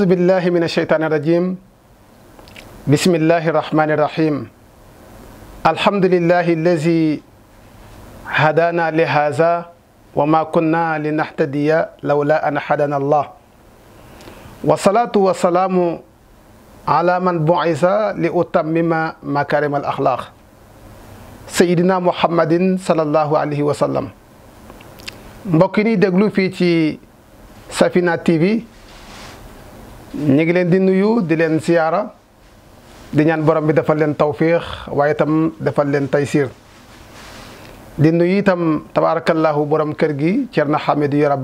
أعوذ بالله من الشيطان الرجيم بسم الله الرحمن الرحيم الحمد لله الذي هدانا لهذا وما كنا لنهتدي لولا أن هدانا الله والصلاة والسلام على من بعث لأتمم مكارم الأخلاق سيدنا محمد صلى الله عليه وسلم mbokk yi في سفينة fii ci ñi ngi leen di nuyu di leen ziyara di ñaan borom bi defal leen tawfiq waye tam defal leen taysir di nuyu tam tabarakallah borom kër gi cierna Hamidou Yero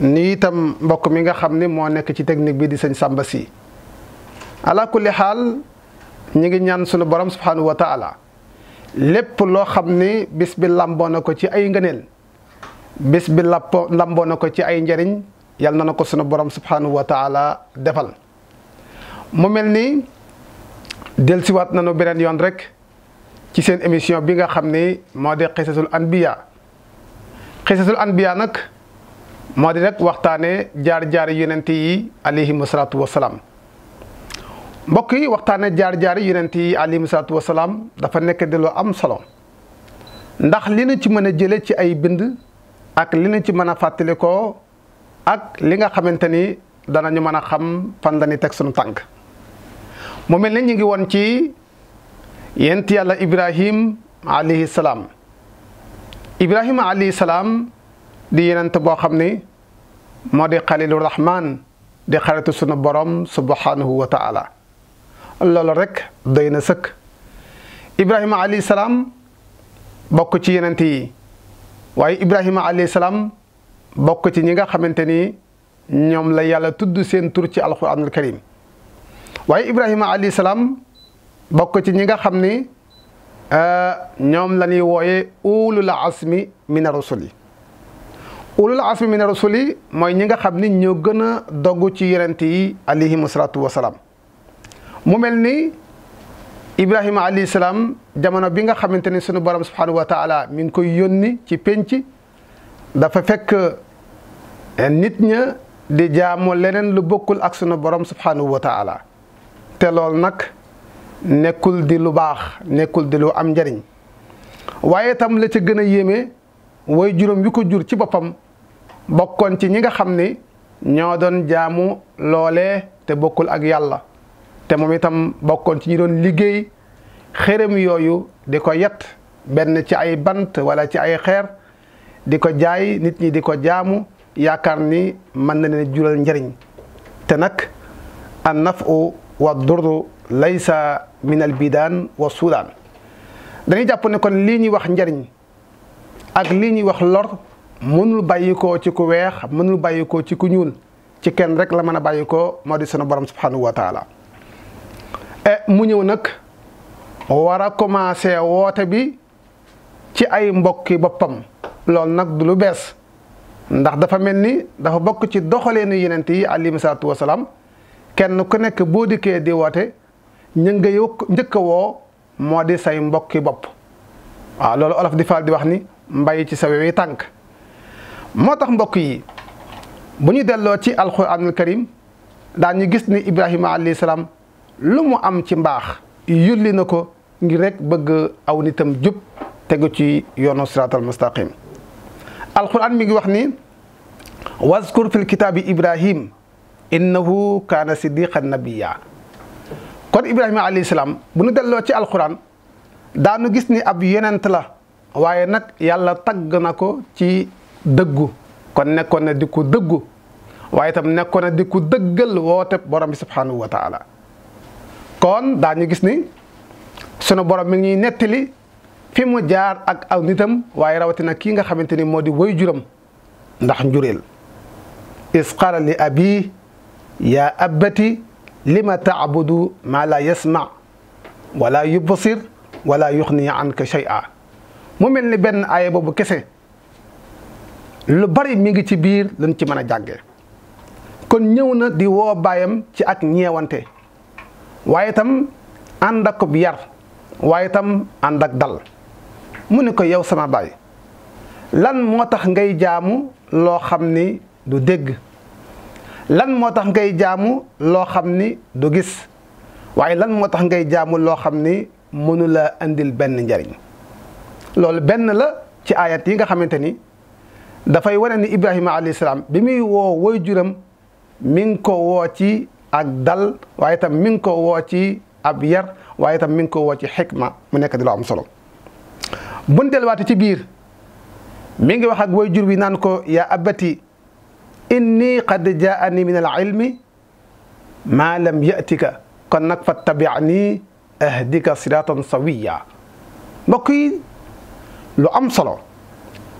ni tam mi nga xamni mo nek ci technique bi di Samba Si ala kulli hal ñi ngi ñaan suñu borom subhanahu wa taala lepp lo xamni ni bis ko ci ay ngeenel ci ay njariñ yal na na ko sunu borom subhanahu wa taala defal mu mel ni dellusiwaat nañu beneen yoon rek ci seen émission bi nga xam ni moo di xisasul anbiya xisasul anbiya nag moo di rek waxtaane jaar-jaari yonent yi alayhimu salaatu wasalaam mbokk yi waxtaane jaar-jaari yonent yi alayhimu salaatu wasalaam dafa nekk di am solo ndax li na ci mën a jële ci ay bind ak li na ci mën a fàttalikoo ak li nga xamante ni danañu mën a xam fan teg suñu tànk mu mel ne ñu ngi woon ci yent yàlla Ibrahim alayhi salaam Ibrahim alayhi salaam di yenent boo xam ni moo di xalilu rahman di xaritu sunu borom subhanahu wa taala loolu rek doy na sëkk Ibrahima alayhi salaam bokk ci yenent yi waaye Ibrahima alayhi salaam. bokk ci ñi nga xamante ni ñoom la yàlla tudd seen tur ci alquranul karim waaye Ibrahima alayhi salaam bokk ci ñi nga xam ni euh, ñoom la ñuy wooyee ulul asmi mina rusuli ulul asmi mina rusuli mooy ñi nga xam ni ñoo gën a dogg ci yonent yi alayhimu salaatu wa salaam mu mel ni Ibrahima alayhi salaam jamono bi nga xamante ni sunu borom subhanahu wa taala mi ngi koy yónni ci penc dafa fekk. Eh, nit ña di jaamu leneen lu bokkul ak sunu borom subhanahu wa taala te lool nag nekkul di lu baax nekkul di lu am njariñ waaye tam la ca gën a yéeme way juróom yu ko jur ci boppam bokkoon ci ñi nga xam ni ñoo doon jaamu loolee te bokkul ak yàlla te moom itam bokkoon ci ñi doon liggéey xërëm yooyu di ko yet benn ci ay bant wala ci ay xeer di ko jaay nit ñi di ko jaamu yaakar ni man na leen jural njariñ te nak an nafu wa durru laysa min al bidan wa sudan dañuy japp ne kon li ñi wax njariñ ak li ñi wax lor mënul bayiko ci ku wéx mënul bayiko ci ku ñuul ci kenn rek la mëna bayiko modi sunu borom subhanahu wa taala e mu ñew nak wara commencé bi ci ay mbokki bopam loolu nak du lu ndax dafa mel ni dafa bokk ci doxaleenu yenent yi alayhi salaatu wasalaam kenn ku nekk boo dikkee di woote ñu ngay njëkk a woo moo di say mbokki bopp waa loolu olof di faal di wax ni mbay ci sa wewi tànk moo tax mbokk yi bu ñu delloo ci alquranul karim daañu gis ni ibrahima alayhi salaam lu mu am ci mbaax yulli na ko ngir rek bëgg aw nitam jub tegu ci yoonu siraatal mustaqim alquran mi ngi wax ni wazkur fil kitaabi ibrahim innahu kaana siddiqan nabiyya kon ibrahima alayhi salaam bu nu delloo ci alquran daanu gis ni ab yonent la waaye nag yàlla tagg na ko ci dëggu kon nekkoon na di ko dëggu waaye tam nekkoon na di ko dëggal woote borom bi subhanahu wa taala kon daañu gis ni sunu borom mi ngi fi mu jaar ak aw nitam waaye rawatina kii nga xamante ni moo di woy juram ndax njureel is qala li abi yaa abbati lima taabudu ma la yasma wala yubsir wala yuxni anka shay'a mu mel ni benn aaya boobu kese lu bari mi ngi ci biir lañ ci mën a jàggee kon ñëw na di woo baayam ci ak ñeewante waaye tam ànd ak yar waaye tam ànd dal mu ne ko yow sama baay lan moo tax ngay jaamu loo xam ni du dégg lan moo tax ngay jaamu loo xam ni du gis waaye lan moo tax ngay jaamu loo xam ni mënula indil benn njariñ loolu benn la ci ayat yi nga xamante ni dafay wane ni Ibrahima alayhi salaam bi muy woo waajuram mi ngi ko woo ci ak dal waaye tam mi ngi ko woo ci ab yar waaye tam mi ngi ko woo ci xikma mu nekk di loo am solo. buñ delluwaate ci biir mi ngi wax ak way jur bi naan ko yaa abati inni qad jaani min al maa lam yatika kon nag fa tabi'ni ahdika siratan sawiya mbokk yi lu am solo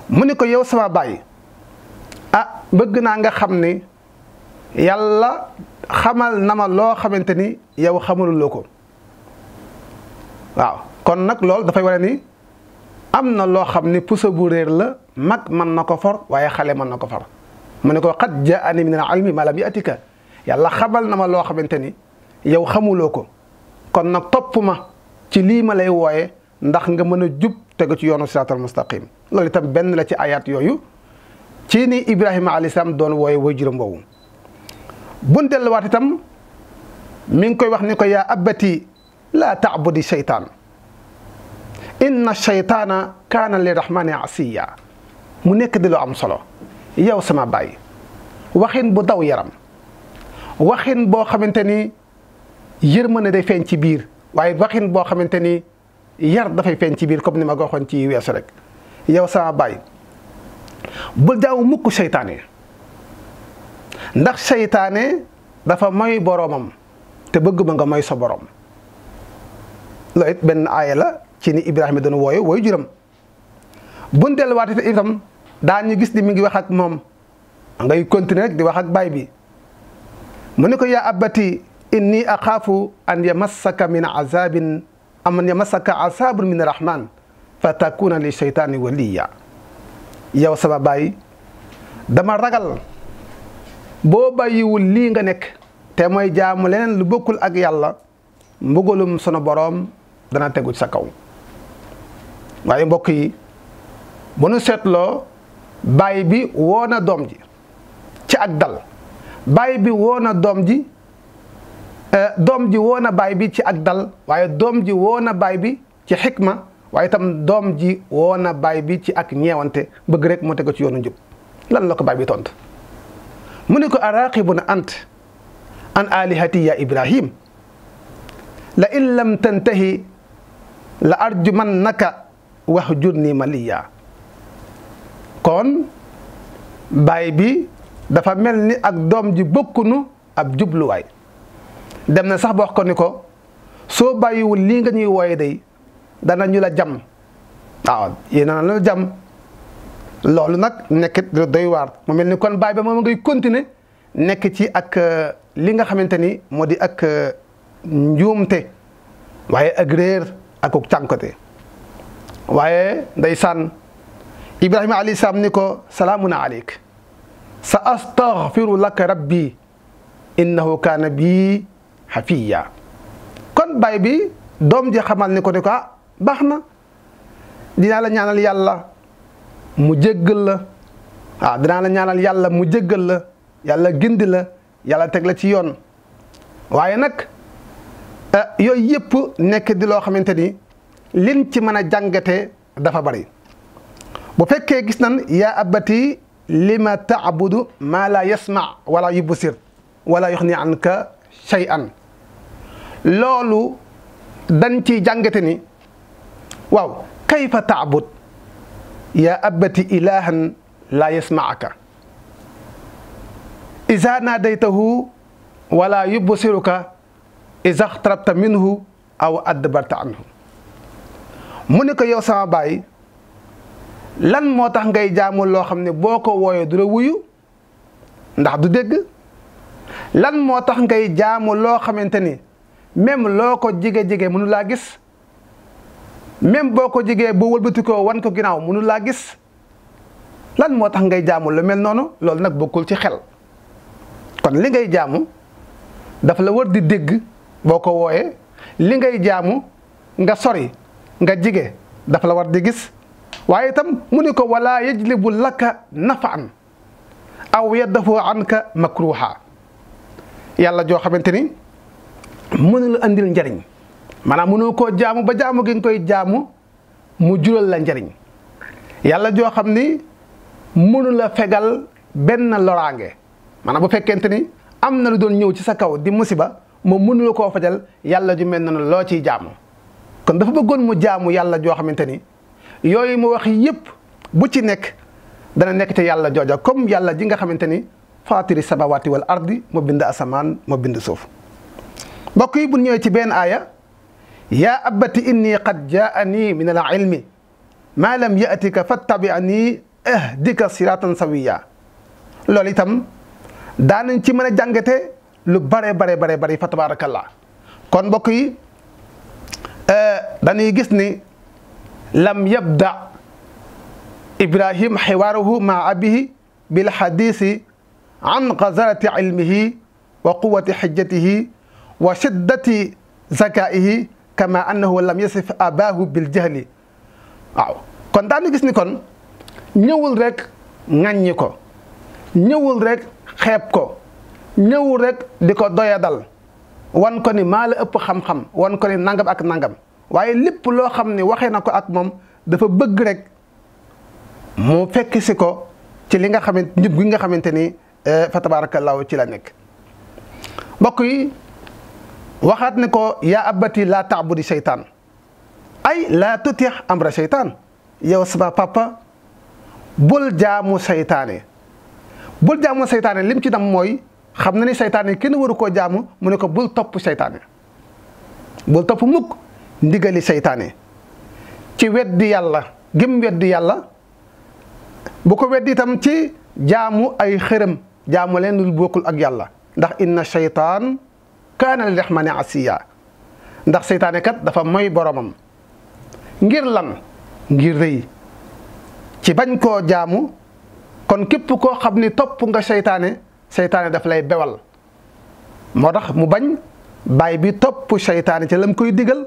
mu ni ko yow sama baay ah bëgg naa nga xam ni yàlla xamal na ma loo xamante ni yow xamaluloo ko waaw kon nag loolu dafay wane ni am na loo xam ne puso bu réer la mag mën na ko for waaye xale mën na ko for mu ne ko xat ja ani min al almi ma lam yatika yàlla xabal na ma loo xamante ni yow xamuloo ko kon nag topp ma ci lii ma lay wooye ndax nga mën a jub tegu ci yoonu siraatal mustaqim loolu itam benn la ci ayaat yooyu ci ni Ibrahima alayhi salaam doon wooye way juróom woowu bun delluwaat itam mi ngi koy wax ni ko yaa abati laa taabudi seytaan inna shaytaana kaana li rahmaani asiya mu nekk di lu am solo yow sama baay waxin bu daw yaram waxin boo xamante ni ne day feeñ ci biir waaye waxin boo xamante ni yar dafay feeñ ci biir comme ni ma ko waxoon ci weesu rek yow sama baay bu jaaw mukk seytaane ndax seytaane dafa moy boroomam te bëgg ba nga moy sa boroom loolu it benn aaya la ci ni Ibrahima dana wooye wooyu juram buñ daañu gis ni mi ngi wax ak moom ngay continuer di wax baay bi mu ne ko yaa abati inni axaafu an yamassaka min azabin am an yamassaka azabun min rahman fa takuna li sheytaani waliya yow sama baay dama ragal boo bàyyiwul lii nga nekk te mooy jaamu leneen lu bokkul ak yàlla mbugalum sunu boroom dana tegu ci sa kaw waaye mbokk yi bu nu seetloo baay bi woo na doom ji ci ak dal baay bi woona doom ji eh, doom ji woo na baay bi ci ak dal waaye doom ji woo na baay bi ci xikma waaye itam doom ji woo na baay bi ci ak ñeewante bëgg rek moo te ko ci yoonu njub lan la ko baay bi tontu mu ne ko araqibun ant an alihati ya ibrahim la in lam tantahi la arjumannaka wax junni maliya kon baay bi dafa mel ni ak doom ji bokkunu ab jubluwaay dem na sax wax ko ni ko soo bàyyiwul lii nga ñuy wooye day dana ñu la jam waaw yéen a la jam loolu nag nekkit doy waar mu mel ni kon baay bi moom ngay continuer nekk ci ak euh, li nga xamante ni moo di ak euh, njuumte waaye ak réer ak cànkote waaye ndeysaan ibrahima alayhi salaam ni ko salaamuna aleyk sa astaghfiru laka rabbi innahu kaana bi xafiya kon baay bi doom ji xamal ni ko ni ko ah baax na dinaa la ñaanal yàlla mu jéggal la waaw ah, dinaa la ñaanal yàlla mu jéggal la yàlla gindi la yàlla teg la ci yoon waaye nag eh, yooyu yëpp nekk di loo xamante ni liñ ci mën a jàngate dafa bari bu fekkee gis nan yaa abati lima taabudu maa laa yasma wala yubsir wala yuxni anka shay'an loolu dañ ciy jàngate ni waaw kayfa taabud yaa abati ilahan laa yasmaaka isa naadaytahu wala yubsiruka isa xtarabta minhu aw adbarta anhu mu ne ko yow sama baay lan moo tax ngay jaamul loo xam ne boo ko wooyee du la wuyu ndax du dégg lan moo tax ngay jaamu loo xamante ni même loo ko jige jege mënu laa gis même boo ko jigee boo wëlbatikoo wan ko ginnaaw mënu laa gis lan moo tax ngay jaamu lu mel noonu loolu nag bokkul ci xel kon li ngay jaamu dafa la wër di dégg boo ko wooyee li ngay jaamu nga sori nga jige dafa la war di gis waaye itam mu ni ko wala yajlibu laka nafaan aw yaddafu anka makruha yàlla joo xamante ni mënul andil njariñ maanaam mënu koo jaamu ba jaamu gi koy jaamu mu jural la njariñ yàlla joo xam ni mënu la fegal benn loraange maanaam bu fekkente ni am na lu doon ñëw ci sa kaw di musiba moom mënu la koo fajal yàlla ju mel noonu loo ciy jaamu kon dafa bëggoon mu jaamu yàlla joo xamante ni yooyu mu wax yépp bu ci nekk dana nekk te yàlla jooja comme yàlla ji nga xamante ni faatiri sabawaati wal ardi moo bind asamaan moo bind suuf mbokk yi bu ñëwee ci benn aaya ya abbati inni qad jaani min al ilmi maa lam yatika fattabiani ahdika siratan sawiya loolu itam daanañ ci mën a jàngate lu bare bare bare bari fa tabarakallah kon mbokk Euh, dañuy gis ni lam yabda ibrahim xiwaaruhu maa abihi bil xadiisi an gazarati ilmihi wa quwati xijjatihi wa shiddati zakaihi kama annahu lam yasif abaahu bil jahli waaw kon daanu gis ni kon ñëwul rek ŋàññi ko ñëwul rek xeeb ko ñëwul rek di ko doyadal wan ko ni maa la ëpp xam-xam wan ko ni nangam ak nangam waaye lépp loo xam ni waxee na ko ak moom dafa bëgg rek mu fekk si ko ci li nga xamante njub gi nga xamante ni eh, fa tabaarakallaahu ci la nekk mbokk yi waxaat ne ko yaa abati laa taabudi seytaan ay laa tutix amra seytaan yow sama papa bul jaamu seytaane bul jaamu seytaane lim ci dam mooy ni setan ni kenn waru ko jamu mu ko bul top seytaane bul top mukk ndigali ni ci weddi yalla gem weddi yalla bu ko weddi tam ci jamu ay xerem jamu len lu bokul ak yalla ndax inna shaytan kana lirahmani asiya ndax setan kat dafa moy boromam ngir lan ngir reey ci bagn ko jamu kon kep ko xamni top nga seytaane daf lay bewal moo tax mu bañ baay bi topp seytaane ci lam koy digal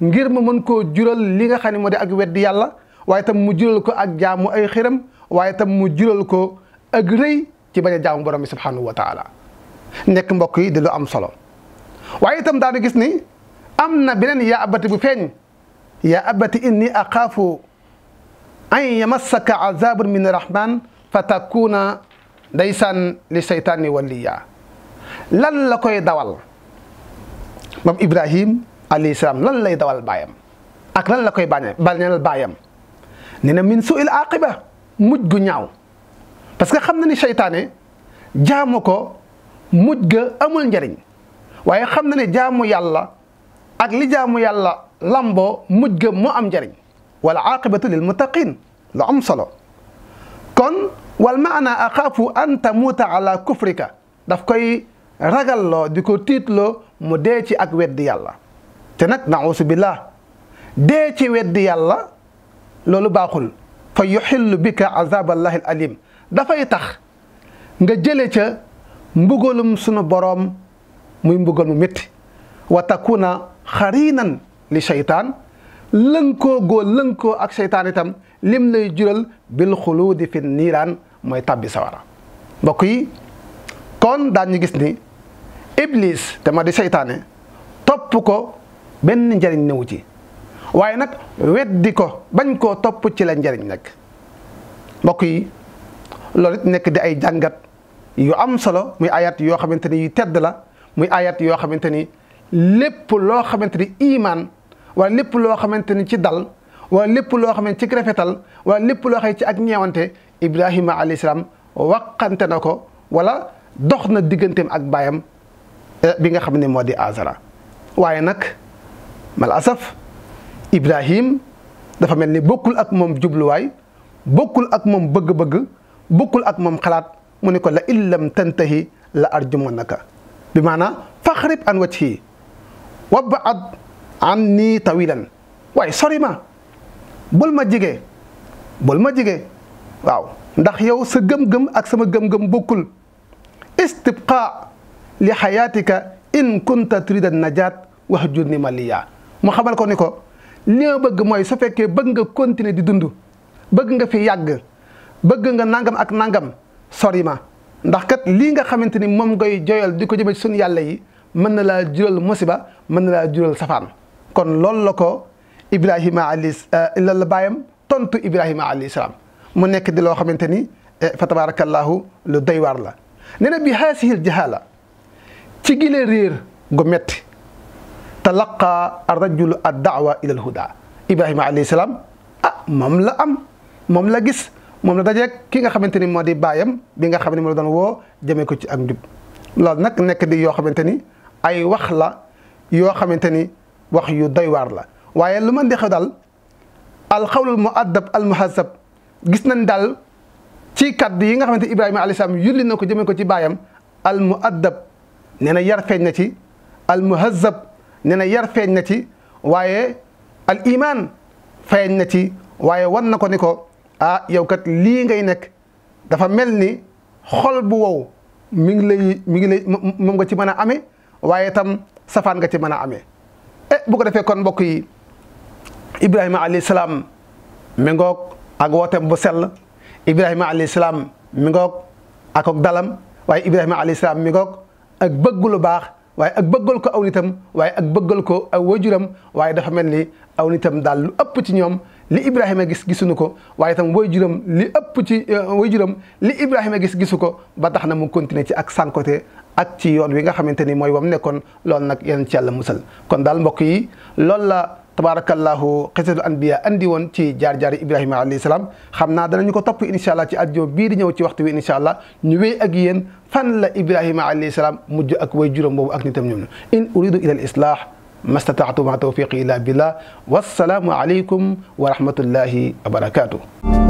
ngir ma mën koo jural li nga xam ne moo di ak weddi yàlla waaye tam mu jural ko ak jaamu ay xiram waaye tam mu jural ko ak rëy ci bañ a jaamu borom bi subhanahu wa nekk mbokk yi di am solo waaye itam daanu gis ni am na beneen yaa abati bu feeñ yaa abati inni axaafu an yamassaka azabun min rahman fa takuna ndeysaan li seytaani waliya lan la koy dawal moom Ibrahim alayhi lan lay dawal baayam ak lan la koy bañe bañal baayam nee na min suil aqiba mujj gu ñaaw parce que xam na ni seytaane jaamu ko mujj ga amul njariñ waaye xam na ne jaamu yàlla ak li jaamu yàlla lamboo mujj ga mu am njariñ wala aqibatu lil muttaqin lu am solo kon wal maana axaafu an tamuuta ala kufrika daf koy ragalloo di ko tiitloo mu dee ci ak weddi yàlla te nag nausu billah dee ci weddi yàlla loolu baaxul fa yuxillu bika azaballahi alim dafay tax nga jële ca mbugalum sunu boroom muy mbugal mu métti wa takuna xarinan li seytaan lënkoo góor lënkoo ak seytaan itam lim lay jural bil xuluudi fi niiraan moy tabbi sawara bokk yi kon dañ ñu gis ni iblis te ma di shaytané top ko ben njariñ newu ci waye nak weddi ko bañ ko top ci la njariñ nak bokk yi lolit nek di ay jangat yu am solo muy ayat yo xamanteni yu tedd la muy ayat yo xamanteni lepp lo xamanteni iman wa lepp lo xamanteni ci dal wa lepp lo xamanteni ci rafetal wa lepp lo xey ci ak ñewante Ibrahima alayhi salaam waqante na ko wala dox na digganteem ak baayam eh, bi nga xam ne moo di Azara waaye nag mal asaf Ibrahim dafa mel ni bokkul ak moom jubluwaay bokkul ak moom bëgg-bëgg bokkul ak moom xalaat mu ne ko la illam tantahi la arjumannaka bi maanaam faxrib an wajhi wab'ad anni tawilan waaye sori ma bul ma jege bul ma jege. waaw ndax yow sa gëm-gëm ak sama gëm-gëm bokkul istibqa li xayaatika in kunta turida najaat wax ma maliya mu xamal ko ni ko li nga bëgg mooy su fekkee bëgg nga continuer di dund bëgg nga fi yàgg bëgg nga nangam ak nangam sori ma ndax kat lii nga xamante ni moom ngay joyal di ko jëme sun suñu yàlla yi mën na laa jural musiba mën na laa jural safaan kon loolu la ko ibrahima ali euh, la la baayam tontu ibrahima alayhi salaam mu nekk di loo xamante ni e, fa tabaarakallaahu lu doy waar la nee bi bi haasihil jahaala ci gile réer gu metti talaqa arrajulu ad daawa ila al huda ibrahima alayhi salaam ah moom la am moom la gis moom la dajeeg ki nga xamante ni moo di baayam bi nga xam ne moo doon woo jëmee ko ci ak njub loolu nag nekk di yoo xamante ni ay wax la yoo xamante ni wax yu doy waar la waaye lu man di xew daal alxawlul muaddab almuhasab gis nañ daal ci kaddu yi nga xamante Ibrahima alayhi salaam yulli na ko jëmee ko ci baayam al muaddab nee na yar feeñ na ci al muhazzab nee na yar feeñ na ci waaye al iman feeñ na ci waaye wan na ko ni ko ah yow kat lii ngay nekk dafa mel ni xol bu wow mi ngi lay mi ngi lay moom nga ci mën a amee waaye tam safaan nga ci mën a amee. e bu ko defee kon mbokk yi Ibrahima alayhi salaam méngoog ak wooteem bu sel Ibrahima alayhi salaam mi ngoog ak dalam waaye Ibrahima alayhi salaam ak bëgg lu baax waaye ak bëggal ko aw nitam waaye ak bëggal ko aw wajuram waaye dafa mel ni aw nitam daal lu ëpp ci ñoom li Ibrahima gis gisuñu ko waaye itam wajuram li ëpp ci euh, wajuram li Ibrahima gis gisu ko ba tax na mu continuer ci ak sànkote ak ci yoon wi nga xamante ni mooy wam nekkoon loolu nag yéen ci yàlla musal kon daal mbokk yi la. tabaarakallaahu xisatu anbiya andi woon ci jaar-jaari ibrahima alayhi salaam xam naa danañu ko topp incha allah ci àjjuma bii di ñëw ci waxtu wi incha allah ñu wéy ak yéen fan la ibrahima alayhi salaam mujj ak way juróom boobu ak nitam ñoom in uridu ila al islah mastataatu ma tawfiqi illa billah wassalaamu aleykum wa rahmatullahi wa barakatuh